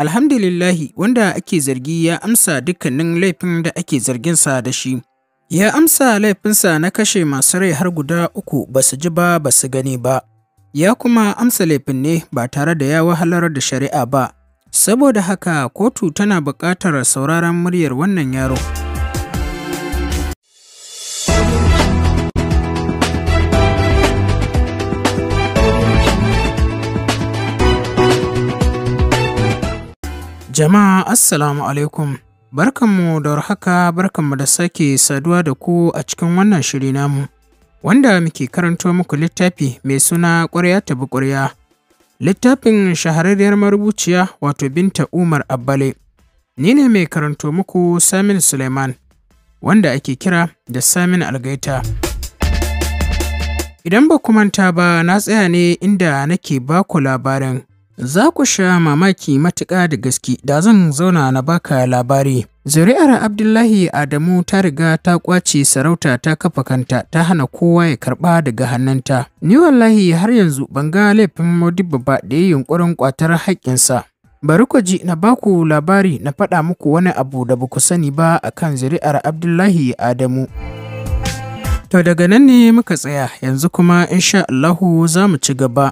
Alhamdulillahi wanda ake zargi ya amsa dukkanin laifin da ake zarginsa da shi. Ya amsa laifinsa na kashe masu rai har guda uku ba su ji ba ba su gani ba. Ya kuma amsa laifin ne ba tare da ya wahalar da shari'a ba. Saboda haka kotu tana buƙatar sauraron muryar wannan yaro. Jama'a Assalamu alaikum. Barkanmu da warhaka, barkanmu da sake saduwa da ku a cikin wannan shiri namu, wanda muke karanto muku littafi mai suna ƙwarya ta bi ƙwarya. Littafin shahararriyar marubuciya wato Binta Umar Abbale. Ni ne mai karanto muku Samin Suleiman, wanda ake kira da Samin Algaita. Idan ba ku manta ba na tsaya ne inda nake baku labarin Za ku sha mamaki matuƙa da gaske da zan zauna na baka labari. Zuri'ar Abdullahi Adamu ta riga ta ƙwace sarauta ta kafa kanta ta hana kowa ya karɓa daga hannunta. Ni wallahi har yanzu ban ga laifin Modibba ba da ya yunƙurin ƙwatar haƙƙinsa. Bari ku ji na baku labari na faɗa muku wani abu da ba ku sani ba akan zuri'ar Abdullahi Adamu. To daga nan ne muka tsaya yanzu kuma insha Allahu za mu ci gaba.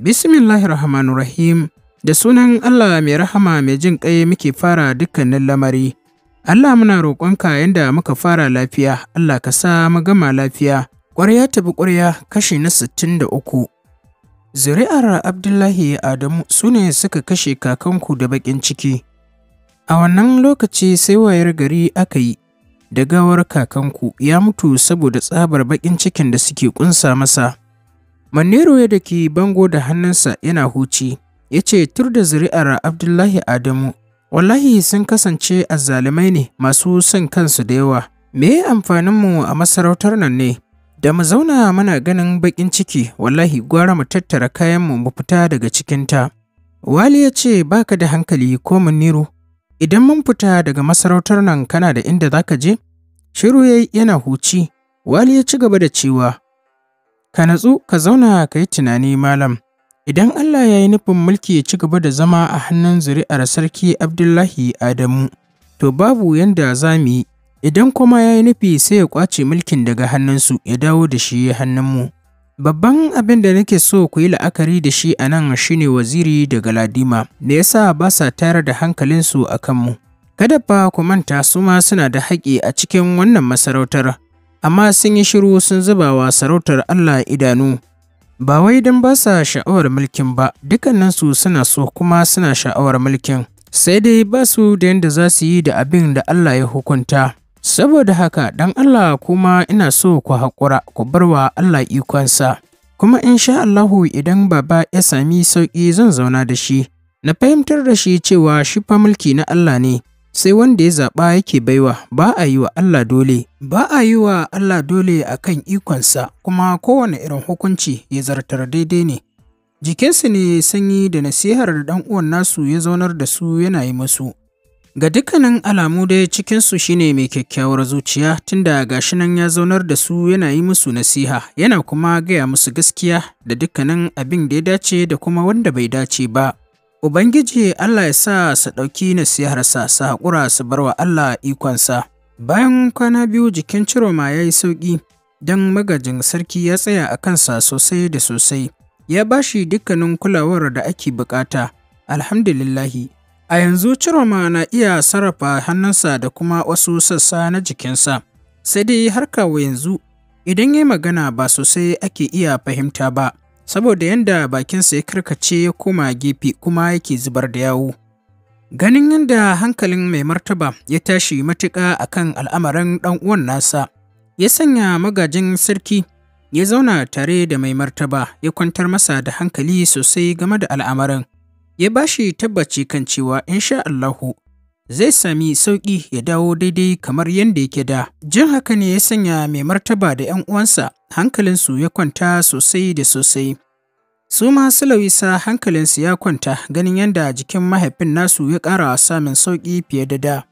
Bismillahirrahmanirrahim da sunan Allah mai rahama mai jin ƙai muke fara dukkanin lamari. Allah muna roƙonka yadda muka fara lafiya, Allah ka sa mu gama lafiya. Ƙwarya tabi ƙwarya kashi na sittin da uku. Zuri'ar Abdullahi Adamu su ne suka kashe kakanku da baƙin ciki. A wannan lokaci sai wayar gari aka yi, da gawar kakanku ya mutu saboda tsabar baƙin cikin da suke ƙunsa masa. Manero ya daki bango da hannunsa yana huci, ya ce tur da zuri'ar Abdullahi Adamu, wallahi sun kasance azzalumai ne masu son kansu da yawa. Me amfaninmu a masarautar nan ne? Da mu zauna mana ganin baƙin ciki, wallahi gwara mu tattara kayanmu mu fita daga cikinta. Wali ya ce ba ka da hankali ko Muniru. idan mun fita daga masarautar nan kana da inda za ka je? Shiru yana huci, Wali ya ci gaba da cewa, Ka natsu ka zauna ka yi tunani malam. Idan Allah ya yi nufin mulki ya ci gaba da zama a hannun zuri'ar Sarki Abdullahi Adamu, to babu yanda za mu yi, idan kuma ya yi nufi sai ya ƙwace mulkin daga hannunsu ya dawo da shi hannunmu. Babban abin da nake so ku yi la'akari da shi a nan shi ne waziri daga Ladima, me ya sa ba sa tayar da hankalinsu a kanmu. Kada fa ku manta su ma suna da haƙƙi a cikin wannan masarautar, amma sun yi shiru sun zuba wa sarautar Allah idanu. Ba wai don ba sa sha'awar mulkin ba, su suna so kuma suna sha'awar mulkin, sai dai ba su da yadda za su yi da abin da Allah ya hukunta. Saboda haka, dan Allah kuma ina so ku haƙura ku bar wa Allah ikonsa. Kuma in sha Allahu idan baba ya sami sauƙi zan zauna da shi, na fahimtar da shi cewa shi fa mulki na Allah ne, sai wanda ya zaɓa yake baiwa ba a yi wa Allah dole ba a yi wa Allah dole a kan ikonsa kuma kowane irin hukunci ya zartar daidai ne jikinsu ne sanyi da nasihar da uwan nasu ya zaunar da su yana yi musu ga dukkanin alamu dai cikinsu shine mai kyakkyawar zuciya tunda gashi nan ya zaunar da su yana yi musu nasiha yana kuma gaya musu gaskiya da dukkanin abin da ya dace da kuma wanda bai dace ba Ubangiji Allah ya sa su ɗauki nasiharsa su haƙura su bar wa Allah ikonsa. Bayan kwana biyu jikin Ciroma ya yi sauƙi don magajin sarki ya tsaya a kansa sosai da sosai. Ya ba shi dukkanin kulawar da ake buƙata. Alhamdulillahi. A yanzu Ciroma na iya sarrafa hannunsa da kuma wasu sassa na jikinsa. Sai dai har wa yanzu idan ya magana ba sosai ake iya fahimta ba. saboda yadda bakinsa ya karkace ya koma gefe kuma yake zubar da yawo. Ganin yadda hankalin mai martaba ya tashi matuƙa a kan al'amarin ɗan uwan nasa, ya sanya magajin sarki ya zauna tare da mai martaba ya kwantar masa da hankali sosai game da al'amarin, ya bashi tabbaci kan cewa insha Allahu zai sami sauƙi ya dawo daidai kamar yadda yake da. Jin haka ne ya sanya mai martaba da ‘yan uwansa hankalinsu ya kwanta sosai da sosai. Su ma Sulawisa hankalinsu ya kwanta ganin yadda jikin mahaifin nasu ya ƙara samun sauƙi fiye da da.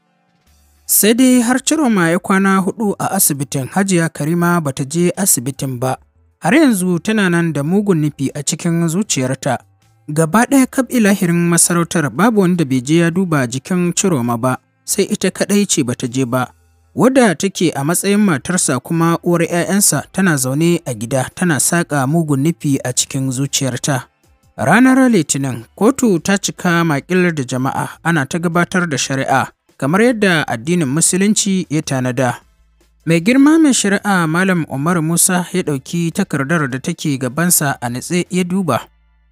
Sai dai har Ciroma ya kwana hudu a asibitin Hajiya Karima bata je asibitin ba. Har yanzu tana nan da mugun nufi a cikin zuciyarta. Gaba ɗaya kab ilahirin masarautar babu wanda bai je ya duba jikin Ciroma ba, sai ita kaɗai ce bata je ba. wadda take a matsayin matarsa kuma uwar 'ya'yansa tana zaune a gida tana saƙa mugun nufi a cikin zuciyarta. Ranar Litinin, kotu ta cika makilar da jama'a ana ta gabatar da shari'a kamar yadda addinin Musulunci ya tanada. Mai girma mai shari'a Malam Umar Musa ya ɗauki takardar da take gabansa a nitse ya duba.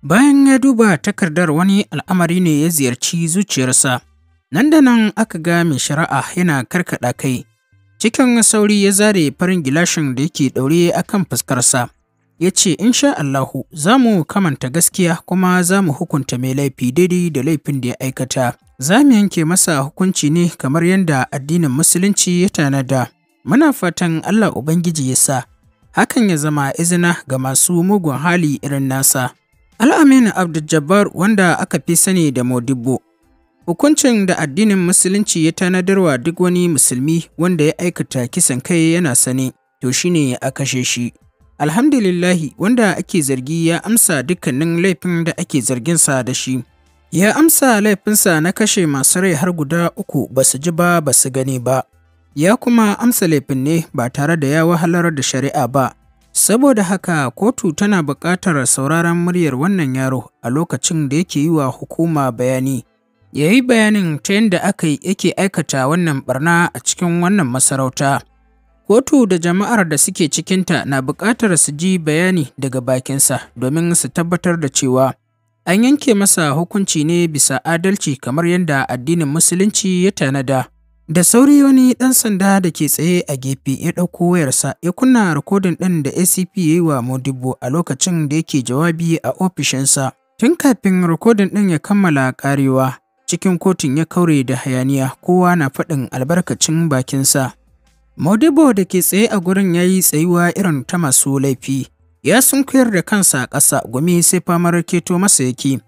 Bayan ya duba takardar wani al'amari ne ya ziyarci zuciyarsa. Nan da nan aka ga mai shari'a yana karkaɗa kai, Cikin sauri ya zare farin gilashin da yake ɗaure a kan fuskarsa. Ya ce, sha Allahu, za mu kamanta gaskiya kuma za mu hukunta mai laifi daidai da laifin da ya aikata. Za mu yanke masa hukunci ne kamar yadda addinin Musulunci ya tanada. Muna fatan Allah Ubangiji ya sa, hakan ya zama izina ga masu mugun hali irin nasa. Al'aminu Abdul wanda aka fi sani da Modibo Hukuncin da addinin Musulunci ya tanadarwa duk wani musulmi wanda ya aikata kisan kai yana sane, to shi ne a kashe shi. Alhamdulillahi wanda ake zargi ya amsa dukkanin laifin da ake zarginsa da shi. Ya amsa laifinsa na kashe masu rai har guda uku ba su ji ba ba su gani ba. Ya kuma amsa laifin ne ba tare da ya wahalar da shari'a ba. Saboda haka kotu tana buƙatar sauraron muryar wannan yaro a lokacin da yake yi wa hukuma bayani. Yayi bayanin ta yadda aka yake aikata wannan barna a cikin wannan masarauta. Kotu da jama'ar da suke cikinta na buƙatar su ji bayani daga bakinsa domin su tabbatar da cewa an yanke masa hukunci ne bisa adalci kamar yadda addinin musulunci ya tanada. Da sauri wani ɗan sanda da ke tsaye a gefe ya ɗauko wayarsa ya kunna rikodin ɗin da ACP ya yi wa Modibo a lokacin da yake jawabi a ofishinsa. Tun kafin rikodin ɗin ya kammala ƙarewa, cikin kotun ya kaure da hayaniya kowa na faɗin albarkacin bakinsa. Modibo da ke tsaye a gurin ya yi tsayuwa irin ta masu laifi, ya sun sunkuyar da kansa a ƙasa gumi sai famar keto masa yake.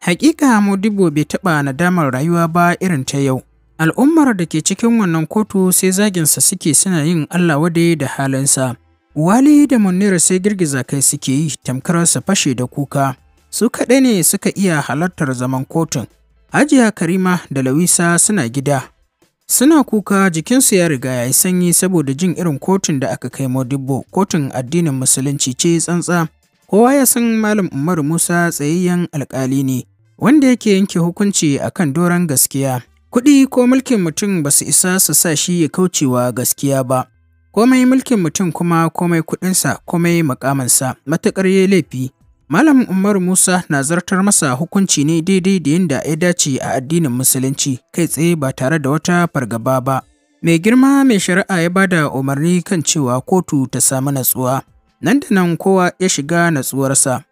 Hakika Modibo bai taɓa nadamar rayuwa ba irin ta yau. Al'ummar da ke cikin wannan kotu sai zaginsa suke suna yin Allah wade da halinsa. Wali da Munira sai girgiza kai suke yi su fashe da kuka. Su kaɗai ne suka iya halartar zaman kotun. Ajiya Karima da Lawisa suna gida. Suna kuka jikinsu ya riga ya yi sanyi saboda jin irin kotun da aka kai Modibbo, kotun addinin Musulunci ce tsantsa. Kowa ya san Malam Umaru Musa tsayayyen alkali ne, wanda yake yanke hukunci a kan doron gaskiya. Kuɗi ko mulkin mutum ba su isa su sa shi ya kaucewa gaskiya ba. Komai mulkin mutum kuma komai kuɗinsa komai makamansa matuƙar ya laifi Malam Umar Musa na zartar masa hukunci ne daidai da yadda ya dace a addinin Musulunci kai tsaye ba tare da wata fargaba ba. Mai girma mai shari'a ya bada umarni kan cewa kotu ta samu natsuwa. Nan da nan kowa ya shiga natsuwarsa.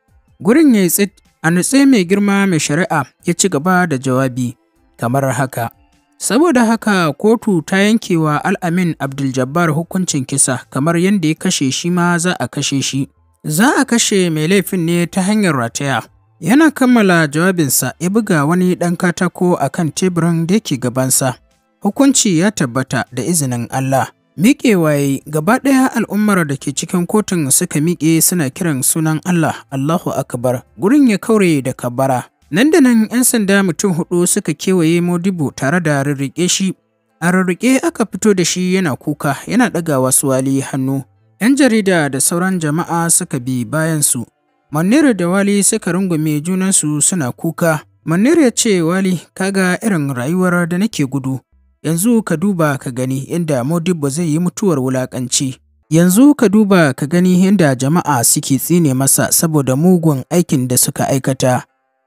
Gurin ya yi tsit a nutse mai girma mai shari'a ya ci gaba da jawabi kamar haka. Saboda haka kotu ta yankewa Al'amin Abdul Jabbar hukuncin kisa kamar yadda ya kashe shi ma za a kashe shi. Za a kashe mai laifin ne ta hanyar rataya. Yana kammala jawabinsa ya buga wani ɗan katako a kan teburin da yake gabansa. Hukunci ya tabbata da izinin Allah. Miƙe Waye? gaba ɗaya al'ummar da ke cikin kotun suka miƙe suna kiran sunan Allah, Allahu Akbar, gurin ya kaure da kabara. Nan da nan 'yan sanda mutum hudu suka kewaye Modibo tare da rirriƙe shi a rirriƙe aka fito da shi yana kuka yana ɗaga wasu wali hannu 'Yan jarida da sauran jama'a suka bi bayansu. Maniru da Wali suka rungume junansu suna kuka. Maniru ya ce Wali kaga irin rayuwar da nake gudu. Yanzu ka duba ka gani inda Modibo zai yi mutuwar wulakanci. Yanzu ka duba ka gani inda jama'a suke tsine masa saboda mugun aikin da suka aikata.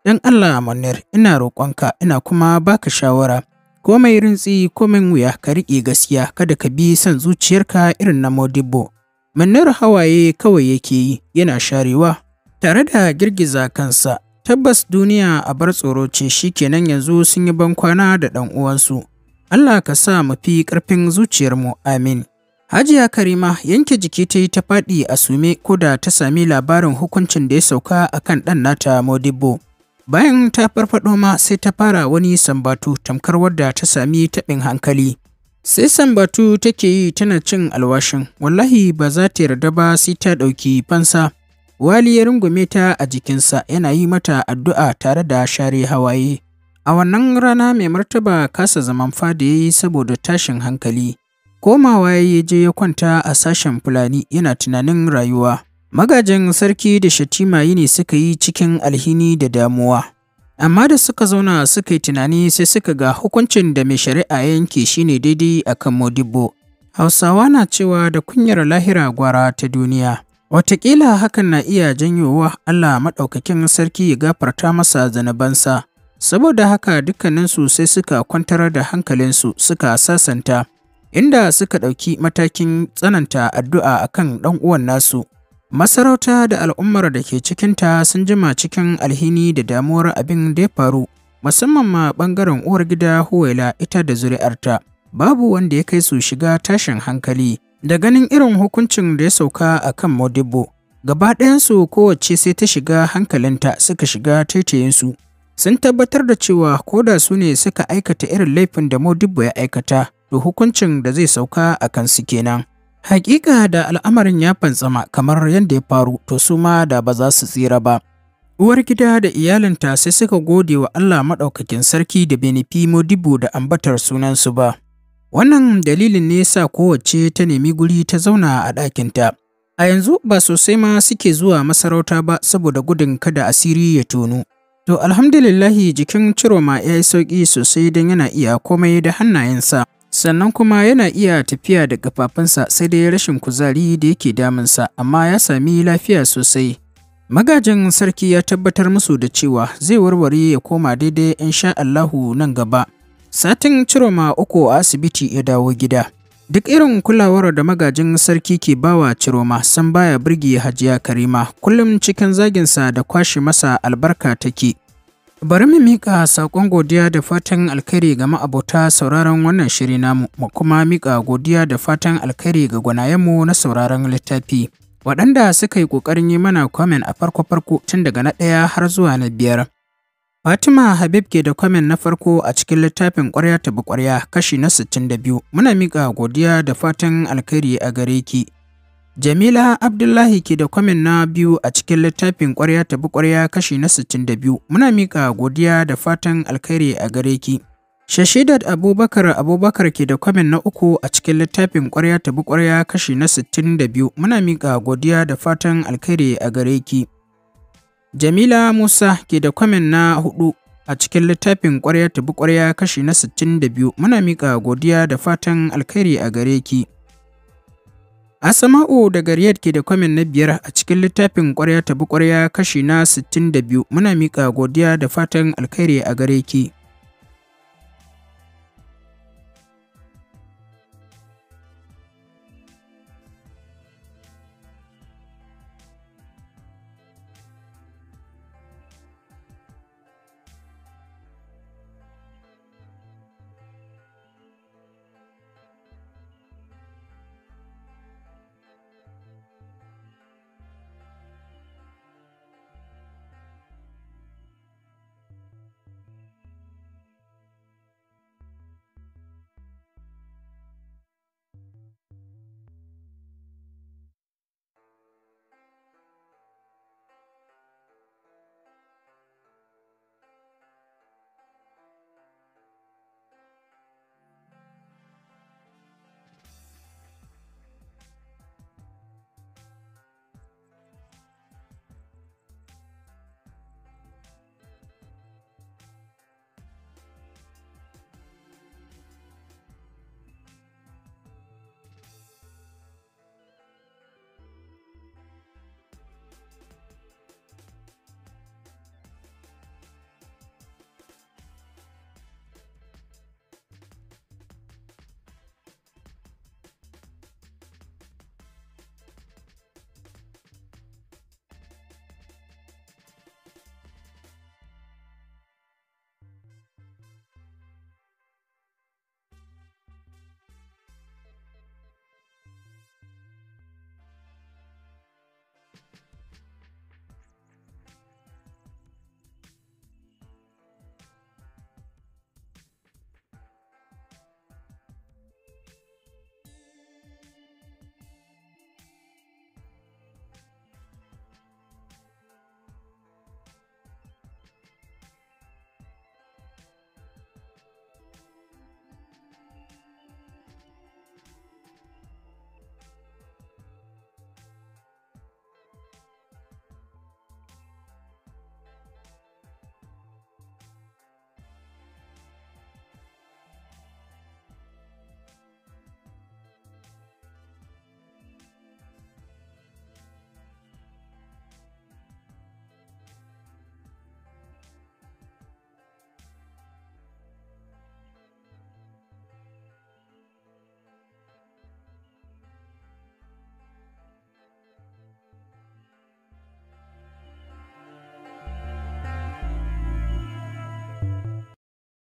Don Allah Manir, ina roƙonka ina kuma baka shawara. Komai rintsi komai wuya ka riƙe gaskiya kada ka bi son zuciyarka irin na Modibo. mannar hawaye kawai yake yi yana sharewa tare da girgiza kansa tabbas duniya a bar tsoro ce shi kenan yanzu sun yi bankwana da ɗan uwansu Allah ka sa mu fi ƙarfin zuciyarmu amin Hajiya Karima yanke jiki ta yi ta faɗi a sume ko da ta sami labarin hukuncin da ya sauka a kan ɗan nata Modibo. Bayan ta farfaɗo ma sai ta fara wani sambatu tamkar wadda ta sami taɓin hankali. sai sambatu take yi tana cin alwashin wallahi ba za ta yarda ba sai ta ɗauki fansa wali ya rungume ta a jikinsa yana yi mata addu'a tare da share hawaye a wannan rana mai martaba kasa zaman fada ya yi saboda tashin hankali komawa ya je ya kwanta a sashen fulani yana tunanin rayuwa magajin sarki da shatima ne suka yi cikin alhini da damuwa Amma da suka zauna suka yi tunani sai suka ga hukuncin da mai shari'a yanke shine daidai a kan Modibo. Hausawa na cewa da kunyar lahira gwara ta duniya. Wataƙila hakan na iya janyowa Allah maɗaukakin sarki ya gafarta masa zanabansa. Saboda haka dukkaninsu sai suka kwantar da hankalinsu suka sasanta, inda suka ɗauki matakin tsananta addu'a akan ɗan uwan nasu. Masarauta da al'ummar da ke cikinta sun jima cikin alhini da damuwar abin da ya faru, musamman ma ɓangaren uwar gida Huwaila ita da zuri'arta. Babu wanda ya kai su shiga tashin hankali da ganin irin hukuncin da ya sauka a kan Modibo. Gaba ɗayansu kowace sai ta shiga hankalinta suka shiga taitayinsu. Sun tabbatar da cewa ko da su ne suka aikata irin laifin da Modibo ya aikata, to hukuncin da zai sauka a kansu kenan. Hakika da al'amarin ya fantsama kamar yadda ya faru to su ma da ba za su tsira ba. Uwar gida da iyalinta sai suka gode wa Allah maɗaukakin sarki da benifi modibo da ambatar sunansu ba. Wannan dalilin ne sa kowace ta nemi guri ta zauna a ɗakinta. A yanzu ba sosai ma suke zuwa masarauta ba saboda gudun kada asiri ya tonu. To alhamdulillahi jikin Ciroma ya yi sauƙi sosai don yana iya komai da hannayensa. sannan kuma yana iya tafiya da kafafunsa, sai dai rashin kuzari da yake damunsa amma ya sami lafiya sosai magajin sarki ya tabbatar musu da cewa zai warware ya koma daidai in sha Allahu nan gaba satin ciroma uku a asibiti ya dawo gida duk irin kulawar da magajin sarki ke bawa ciroma san baya birge hajiya karima kullum cikin zaginsa da kwashe masa albarka take Bari mu mika sakon godiya da fatan alkhairi ga ma'abota sauraron wannan shiri namu, mu kuma mika godiya da fatan alkhairi ga gwanayenmu na sauraron littafi. Waɗanda suka yi ƙoƙarin yi mana kwamen a farko-farko tun daga na ɗaya har zuwa na biyar. Fatima Habib ke da kwamen na farko a cikin littafin ƙwarya ta kashi na da biyu. Muna mika godiya da fatan alkhairi a gare ki. Jamila Abdullahi ke da kwamin na biyu a cikin littafin ƙwarya bi ƙwarya kashi na 62. Muna miƙa godiya da fatan alkhairi a gare ki. Shashidat Abubakar Abubakar ke da kwamin na uku a cikin littafin ƙwarya bi ƙwarya kashi na 62. Muna miƙa godiya da fatan alkhairi a gare ki. Jamila Musa ke da kwamin na hudu a cikin littafin ƙwarya bi ƙwarya kashi na 62. Muna miƙa godiya da fatan alkhairi a gare ki. Asama'u daga Riyadh ke da kwamin na biyar a cikin littafin ƙwarya ta bi ƙwarya kashi na 62 muna miƙa godiya da fatan alkhairi a gare ki.